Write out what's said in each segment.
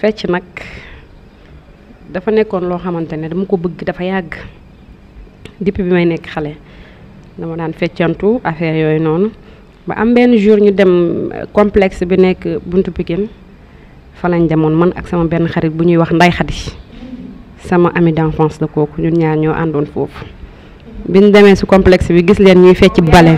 fecc nag dafa nekkoon loo xamante ne dama ko bëgg dafa yàgg depuis bi may nekk xale dama daan feccantu affaire yooyu noonu ba am benn jour ñu dem euh, complexe bi nekk buntu Pikine fa lañ demoon man ak sama benn xarit bu ñuy wax nday xadi sama ami d'enfance la kooku ñun ñaar ñoo àndoon foofu bi nu demee si complexe bi gis leen ñuy fecc bale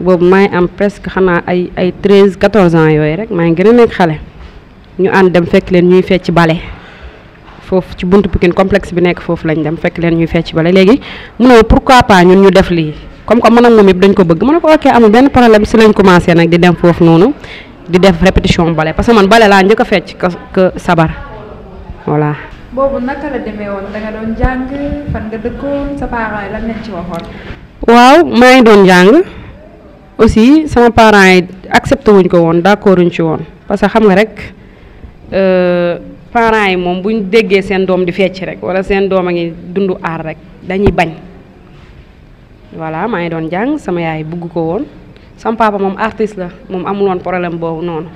boobu maay am presque xanaa ay ay treize quatorze ans yooyu rek maa ngi gën a nekk xale ñu and dem fekk leen ñuy fecc balé foofu ci buntu pikine complexe bi nek foofu lañ dem fekk leen ñuy fecc balé légui mu ne pourquoi pas ñun ñu def li comme que mën ak dañ ko bëgg mu ne ko ok amu ben problème si lañ commencé nak di dem foofu nonu di def répétition balé parce que man balé la ñëk fecc que sabar voilà bobu naka la démé won da nga doon jang fan nga dëkkoon sa parents yi lan leen ci waxoon waaw may ngi doon jàng aussi sama parents accepté wuñ ko won d'accord wuñ ci won parce que xam nga rek Euh, parent yi moom bu ñu déggee seen doom di fecc rek wala seen doom a ngi dundu aar rek dañuy bañ voilà maa ngi doon jàng sama yaay bugg ko woon sama papa moom artiste la moom amuloon woon problème boobu noonu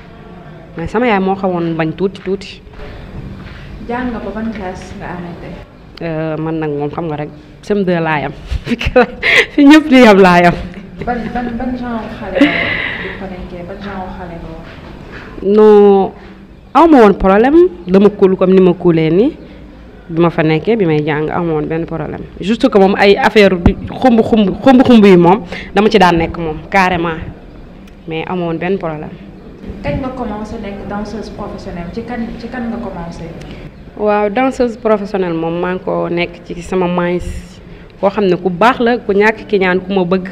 mais sama yaay moo xawoon bañ tuuti tuuti. Euh, man nag moom xam nga rek sem de laayam fi fi ñëpp di yam laayam. ban ban ban xale ban genre aw ma woon problème dama kuul comme ni ma kuulee nii bi ma fa nekkee bi may jàng aw woon benn problème juste ko moom ay affaire bi xumb xumb xumb xumb moom dama ci daan nekk moom carrément mais aw woon benn problème. kañ nga commencé nekk ci waaw danseuse professionnelle moom maa ngi ko nekk ci sama maïs koo xam ne ku baax la ku ñàkk ki ñaan ku ma bëgg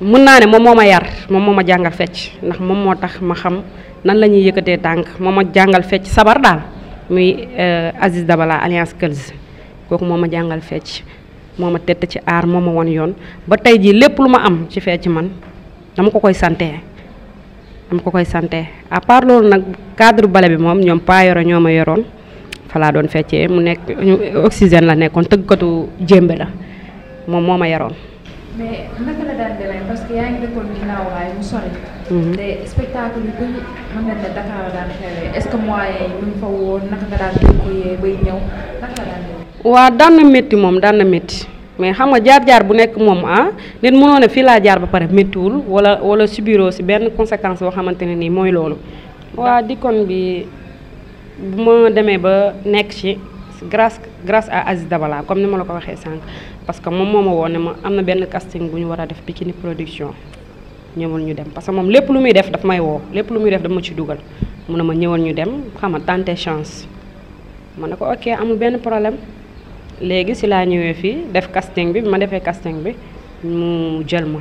mun naa ne moom moo ma yar moom moo ma jàngal fecc ndax moom moo tax ma xam. nan la ñuy yëkkatee tànk moo ma jàngal fecc sabar daal muy euh, Aziz Dabala alliance Kels kooku moo ma jàngal fecc moo ma tett ci aar moo ma won yoon ba tey jii lépp lu ma am ci fecc man dama ko koy sante dama ko koy sante à part loolu nag cadre bale bi moom ñoom paa yoro ñoo ma yoroon falaa doon feccee mu nekk oxygène la nekkoon tëggkatu jémbe la moom moo ma yaroon Mm-hmm. te spectacle ce que moyen yi ñu fa woon waa daan na métti moom daan na métti mais xam nga jaar-jaar bu nekk moom ah nit mënoo ne fii laa jaar ba pare méttiwul wala wala subiroo si benn conséquence boo xamante ne nii mooy loolu. waa Dikon bi bu ma demee ba nekk ci grâce grâce à Aziz Dabala comme ni ma la ko waxee sànq parce que moom moo ma woon ne ma am na benn casting bu ñu war a def Pikini Production. ñu dem parce que moom lépp lu muy def daf may woo lépp lu muy def dama ci dugal mu ñu dem chance ma ko ok amul problème léegi si laa ñëwee fii def casting bi ma casting bi mu jël ma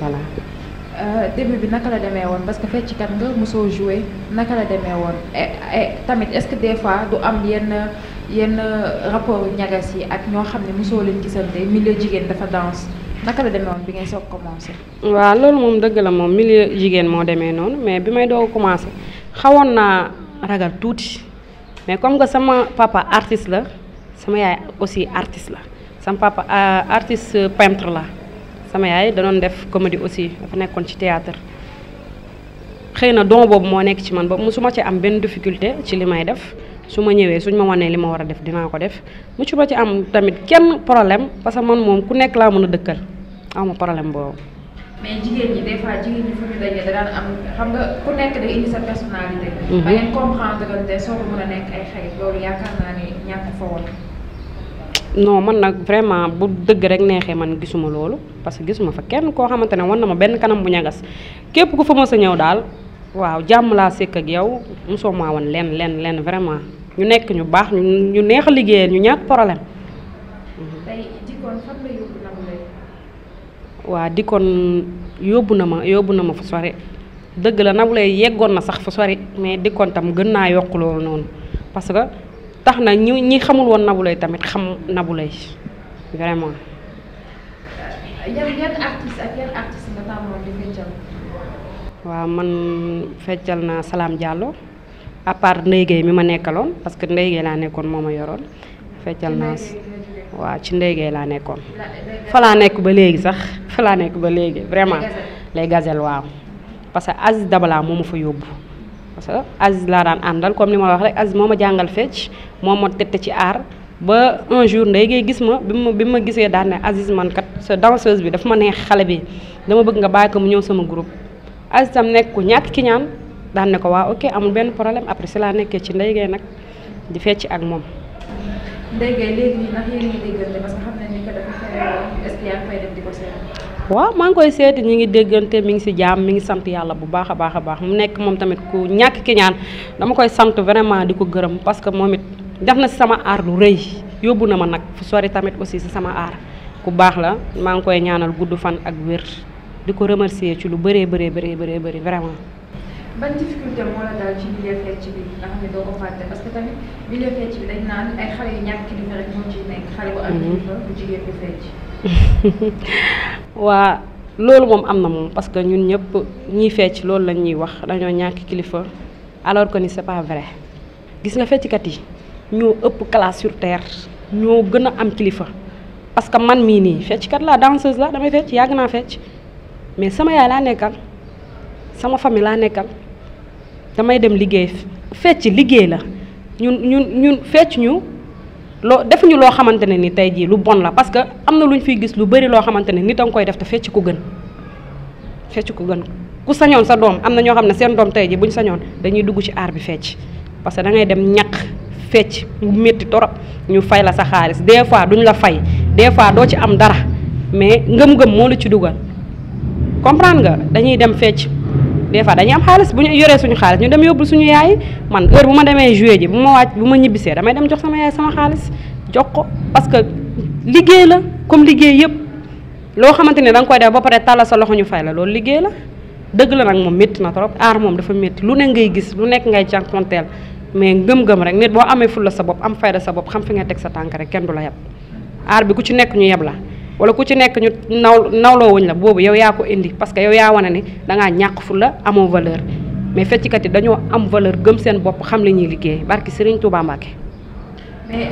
voilà. Euh, début bi la demee parce que nga joué naka la demee tamit est-ce que des fois du am yenn yenn rapport ñagas yi ak ñoo danse. naka la demee bi ngay soog commencé. waaw loolu moom dëgg la moom milieu jigéen moo demee noonu mais bi may doo commencé xawoon naa ragal tuuti mais comme nga sama papa artiste la sama yaay aussi artiste la sama papa euh, artiste peintre la sama yaay danoon def comédie aussi dafa nekkoon ci théâtre xëy na don boobu moo nekk ci man ba ma ci am benn difficulté ci li may def. suma ñëwé suñ ma wanee li ma wara def dina ko def mucc ba ci am tamit kenn problème parce que man mom ku nekk la mëna dëkkal amu problème bo mais jigéen ñi des fois jigéen ñi fa ñu dajee da daan am xam nga ku nekk da indi sa personnalité mhm. ba ngeen comprendre que té ko mëna nekk ay xarit loolu yaakaar na ni ñak fa woon non man nak vraiment bu deug rek nexé man gisuma lolu parce que gisuma fa kenn ko xamantene ne na ma ben kanam bu ñagas képp ku fa mësa ñew dal waaw jamm la sék ak yow mosoo won wan lenn lenn vraiment ñu nekk ñu baax ñu neex a liggéeyal ñu ñàkk problème waa dikkoon yóbbu na ma yóbbu na ma fu sori dëgg la nabu lay yeggoon na sax fu sori mais dikkoon tam gën naa yokk loolu noonu parce que tax na ñi ñi xamul woon nabu lay tamit xam vraiment artiste ak artiste nga di feccal waaw man feccal na Salam Diallo à part Ndeye Gueye mi ma nekkaloon parce que Ndeye Gueye laa nekkoon moo ma yoroon feccal naa si waaw ci Ndeye Gueye laa nekkoon fa laa nekk ba léegi sax fa laa nekk ba léegi vraiment les gazelles waaw parce que Aziz Dabala moo ma fa yóbbu parce que Aziz laa daan àndal comme ni ma la wax rek Aziz moo ma jàngal fecc moo ma tette ci aar ba un jour Ndeye Gueye gis ma bi ma bi ma gisee daan ne Aziz man kat sa danseuse bi dafa ma neex xale bi dama bëgg nga bàyyi ko mu ñëw sama groupe Aziz tam ñàkk ki dan ne ko wa ok amul ben problème après cela nekk ci ndey gay nak di fecc ak moom. Ndeye Gueye léegi ndax yéen ngi déggante parce que xamna ni ko dafa est ce que yaa ngi koy def di ko seet. waaw ngi koy seeti ñu ngi déggante mi ngi ci jaam mi ngi sant yalla bu baaxa baaxa baax mu nekk mom tamit ku ñak ki ñaan dama koy sant vraiment diko gëreum parce que momit defna sama art lu reuy yóbbu na ma nak fu sori tamit aussi ci sama art ku baax la ma ngi koy ñaanal guddu fan ak wër diko remercier ci lu béré béré béré béré bëri vraiment. ban mhm. waa loolu moom am na moom parce que ñun ñëpp ñiy fecc loolu lañ ñuy wax dañoo ñàkk kilifa alors que ni c'est pas vrai gis nga fecckat yi ñoo ëpp classe sur ñoo gën a am kilifa parce que man mii nii fecckat laa danseuse la damay fecc yàgg naa fecc mais sama yaay laa nekkal sama famille laa nekkal damay dem liggéey fecc liggéey la ñun ñun ñun fecc ñu loo ñu loo xamante ne ni tey jii lu bon la parce que am na lu ñu fiy gis lu bëri loo xamante ne ni danga koy def te fecc ko gën fecc ko gën ku sañoon sa doom am na ñoo xam ne seen doom tey jii buñ sañoon dañuy dugg ci aar bi fecc parce que da dem ñaq fecc mu métti torop ñu fay la sa xaalis des fois duñ la fay des fois doo ci am dara mais ngëm-ngëm moo la ci dugal comprendre nga dañuy dem fecc des fois dañuy am xaalis bu ñu yoree suñu xaalis ñu dem yóbbul suñu yaay man heure bu ma demee jouer ji bu ma wàcc bu ma ñibbisee damay dem jox sama yaay sama xaalis jox ko parce que liggéey la comme liggéey yëpp loo xamante ne da koy def ba pare tàllal sa loxo ñu fay la loolu liggéey la dëgg la nag moom métti na trop aar moom dafa métti lu nekk ngay gis lu nekk ngay jànkonteel mais ngëm-ngëm rek nit boo amee fulla sa bopp am fayda sa bopp xam fi nga teg sa tànk rek du la yab aar bi ku ci nekk ñu yeb la wala ku ci nekk ñu naw nawloo wuñ la boobu yow yaa ko indi parce que yow yaa wane ne dangaa ñàkk fu la amoo valeur mais fecckat yi dañoo am valeur gëm seen bopp xam la ñuy liggéey barki Serigne Touba Mbacke. mais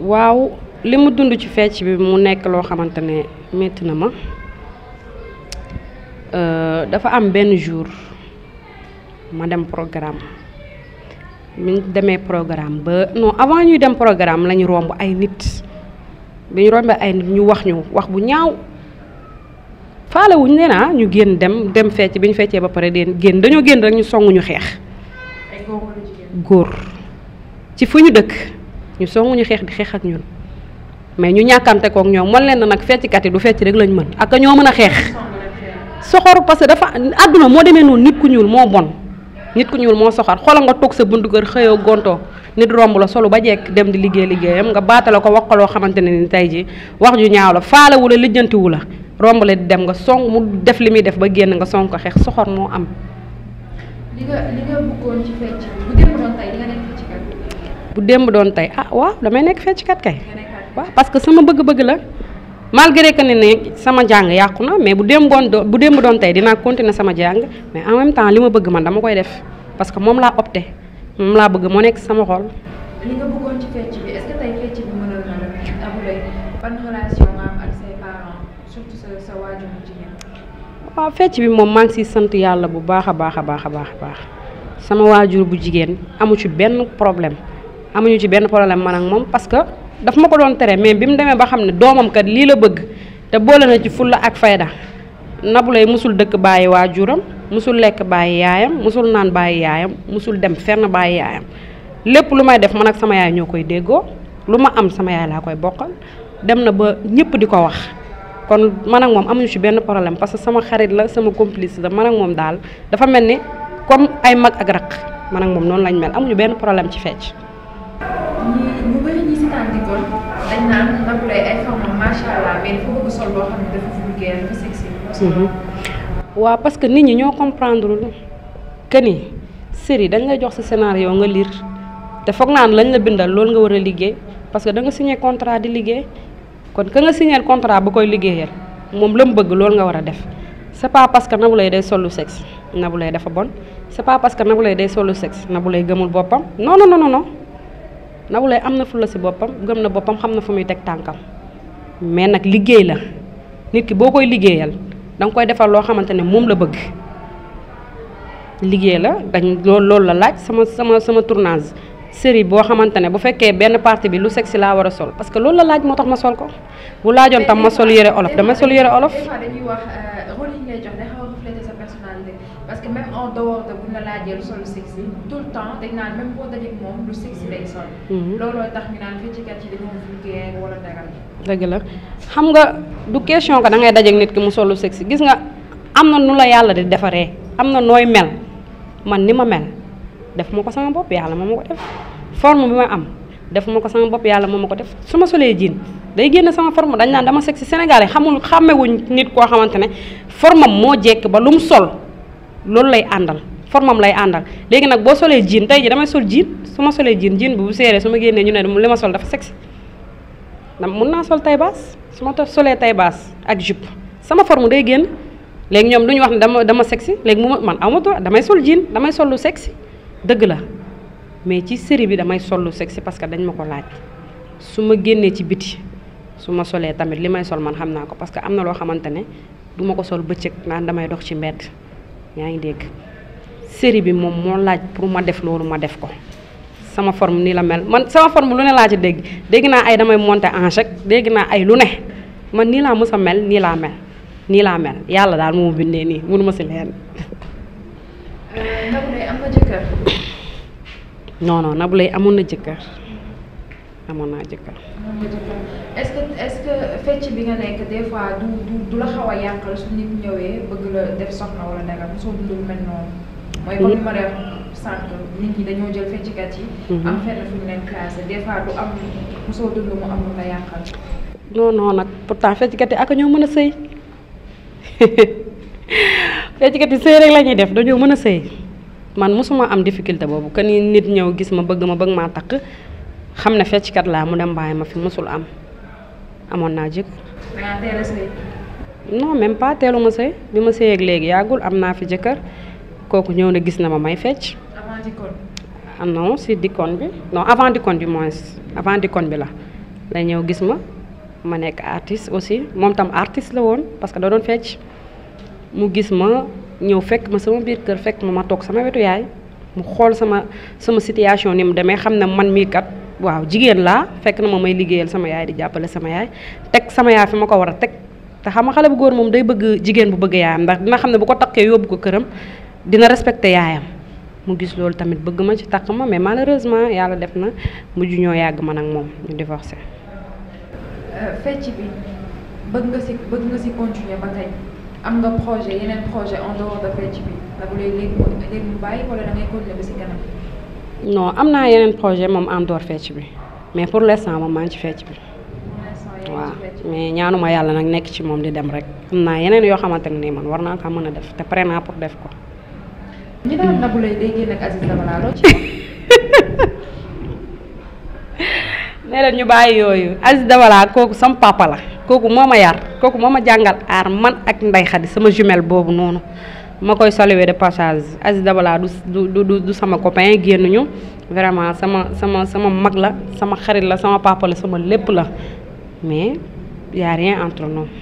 waaw li mu dund ci fecc bi mu nekk loo xamante ne métti na ma. Euh, dafa am benn jour ma dem programme mi ngi demee programme ba non avant ñuy dem programme lañu romb ay nit bi ñu rombee ay nit ñu wax ñu wax bu ñaaw faale wuñ nee naa ah, ñu génn dem dem fecc bi ñu feccee ba pare deen génn dañoo génn rek ñu songu ñu xeex góor ci fu dëkk ñu songu ñu xeex di xeex ak ñun mais ñu ñàkkante kook ñoom man leen na nag fecckat yi du fecc rek lañ mën ak ñoo mën a xeex soxor parce que dafa àdduna moo demee noonu nit ku ñuul moo bon nit ku ñuul mo soxar xoola nga tok sa buntu keur xeyo gonto nit rombu la solo ba jek dem di liggey liggeyam nga baatale ko ko lo ne ni tey ji wax ju ñaaw la faala wu la lijeenti wu la rombu la dem nga song mu def limi def ba genn nga song ko xex soxor mo am li nga li nga bëggoon ci fecc bu démb doon tay bu doon ah waaw damay nek fecc kat kay wa parce que sama bëgg-bëgg la malgré que ne sama jang yakuna mais bu dem bon bu dem don tay dina continuer sama jang mais en même temps lima bëgg man dama koy def parce que mom la opté mom la bëgg mo nek sama xol li nga bëggon ci fecc bi est ce que tay fecc bi mëna na la abulay ban relation nga am ak ses parents surtout sa sa mu ci jigen wa fecc bi mom ma ngi ci sante yalla bu baaxa baaxa baaxa baaxa baax sama wajur bu jigen amu ci ben problème amu ñu ci ben problème man ak mom parce que daf ma ko doon tere mais bi mu demee ba xam ne doomam kat lii la bëgg te boole na ci fulla ak fayda nabu lay mosul dëkk bàyyi waajuram mosul lekk bàyyi yaayam mosul naan bàyyi yaayam mosul dem fenn bàyyi yaayam lépp lu may def mën ak sama yaay ñoo koy déggoo lu ma am sama yaay laa koy bokkal dem na ba ñëpp di ko wax kon man ak moom amuñu ci benn problème parce que sama xarit la sama complice la man ak moom daal dafa mel ni comme ay mag ak raq man moom noonu lañ mel amuñu benn problème ci fecc wa naan ndabu lay ay forme macha allah mais dafa parce que nit ñi ñoo comprendre lu que ni série dañ nga jox sa scénario nga lire te foog naan lañ la bindal nga war liggéey parce que da nga signé contrat di liggéey kon ka nga signé contrat bu koy liggéeyal mom la mu bëgg nga wara def c' pas parce que nabu lay day solu sexe nabu lay dafa bon c' pas parce que nabu lay day solu sexe nabu lay gëmul no non non non non. Nabou Leye am na fulla si boppam gëm na boppam xam na fu muy teg tànkam mais nag liggéey la nit ki boo koy liggéeyal danga koy defar loo xamante ne moom la bëgg liggéey la dañ loolu loolu la laaj sama sama sama tournage série boo xamante ne bu fekkee benn partie bi lu sexy laa war a sol parce que loolu la laaj moo tax ma sol ko bu laajoon tam ma sol yére olof dama sol yére olof. même en dehors de tout le temps dañ naan mhm. dëgg la xam nga du question que da ngay dajeeg nit ki mu sol lu sexy gis nga am na nu la yàlla di defaree am na nooy mel man ni ma mel def ma ko sama bopp yàlla ma ma ko def forme bi ma am def ma ko sama bopp yàlla ma ma ko def su ma solee jiin day génne sama forme dañ naan dama sexy Sénégalais xamul xàmmewuñ nit koo xamante ne formam moo jekk ba lu mu sol. loolu lay àndal formam lay àndal léegi nag boo solee jean tey ji damay sol jean suma ma jin, jean jean bu seeree suma ma génnee ñu ne li ma sol dafa sexy ndax mun naa sol tay baas suma to solee tay baas ak jupe sama forme day génn léegi ñoom duñu wax ne dama dama sexy léegi mu man man to damay sol jin, damay sol lu sexy dëgg la mais ci série bi damay sol lu sexy parce que dañ ma ko laaj suma ma génnee ci biti suma solee tamit li may sol man xam naa ko parce que am na loo xamante ko sol bëccëg naan damay dox ci mbedd yaa ngi dégg série bi moom moo laaj pour ma def loolu ma def ko sama form nii la mel man sama forme lu ne laa ci dégg dégg naa ay damay monter en chèque dégg naa ay lu ne man nii laa mës mel nii laa mel nii laa mel yàlla daal moo bindee nii mënuma si leen. Euh, Nabou Leye am na amoon na jëkkër. mo naa jëkkër. est ce que est ce que fecc bi nga nekk des fois du du du la xaw a yàqal su nit ñëwee bëgg la def soxna wala lu mel noonu. mooy comme ni ma sànq nit ñi dañoo jël yi. Mhm. am fenn fu ñu leen classé des fois du am mosoo dund mu am lu la yàqal. non non nag pourtant fecckat yi ak ñoo mën a sëy fecckat yi sëy rek la ñuy def dañoo mën a sëy man mosuma am difficulté boobu que ni nit ñëw gis ma bëgg ma bëgg maa takk xamna fecc kat la mu dem bàyyi ma fi musul am amon na No, non même pas telu ma sey bima sey ak legui yagul amna fi jëkkër koku ñew na gis na ma may fecc ah non si dikon bi non avant dikon du moins avant dikon bi la lay ñew gis ma ma nek artiste aussi mom tam artiste la won parce que da doon fecc mu gis ma ñew fekk ma sama biir keur fekk ma ma sama wetu yaay mu xol sama sama situation ni mu demé xamna man mi kat waaw jigen la fekk na moom liggeyal sama yaay di jappale sama yaay tek sama yaay fi ma wara tek te xama xale bu goor mom day bëgg jigen bu bëgg yaay ndax dina xamne bu ko takke yobbu ko kërëm dina respecté yaayam mu gis lool tamit bëgg ma ci takuma mais malheureusement yalla def na ju ñoo yag man ak mom ñu divorcé. Euh, fecc bi bëgg nga ci bëgg nga ci continuer ba tay am nga projet yeneen projet en dehors de fecc bi lay léegi léegi mu bàyyi wala da ngay continuer ba ci kanam. non am naa yeneen projet moom en dehors fecc bi mais pour les l'instant moom maa ngi ci fecc bi waaw mais ñaanuma yàlla nag nekk ci moom di dem rek am naa yeneen yoo xamante ne nii man war naa ko mën a def te pare naa pour def ko. ñu ñu bàyyi yooyu Aziz Dabala kooku sama papa la kooku moo ma yar kooku moo ma jàngal aar man ak Ndeye Khady sama jumelle boobu noonu. ma koy saluer de passage Aziz Dabala du du du du sama copain vraiment sama sama sama mag la sama xarit la sama papa sama lépp la mais y rien entre nous.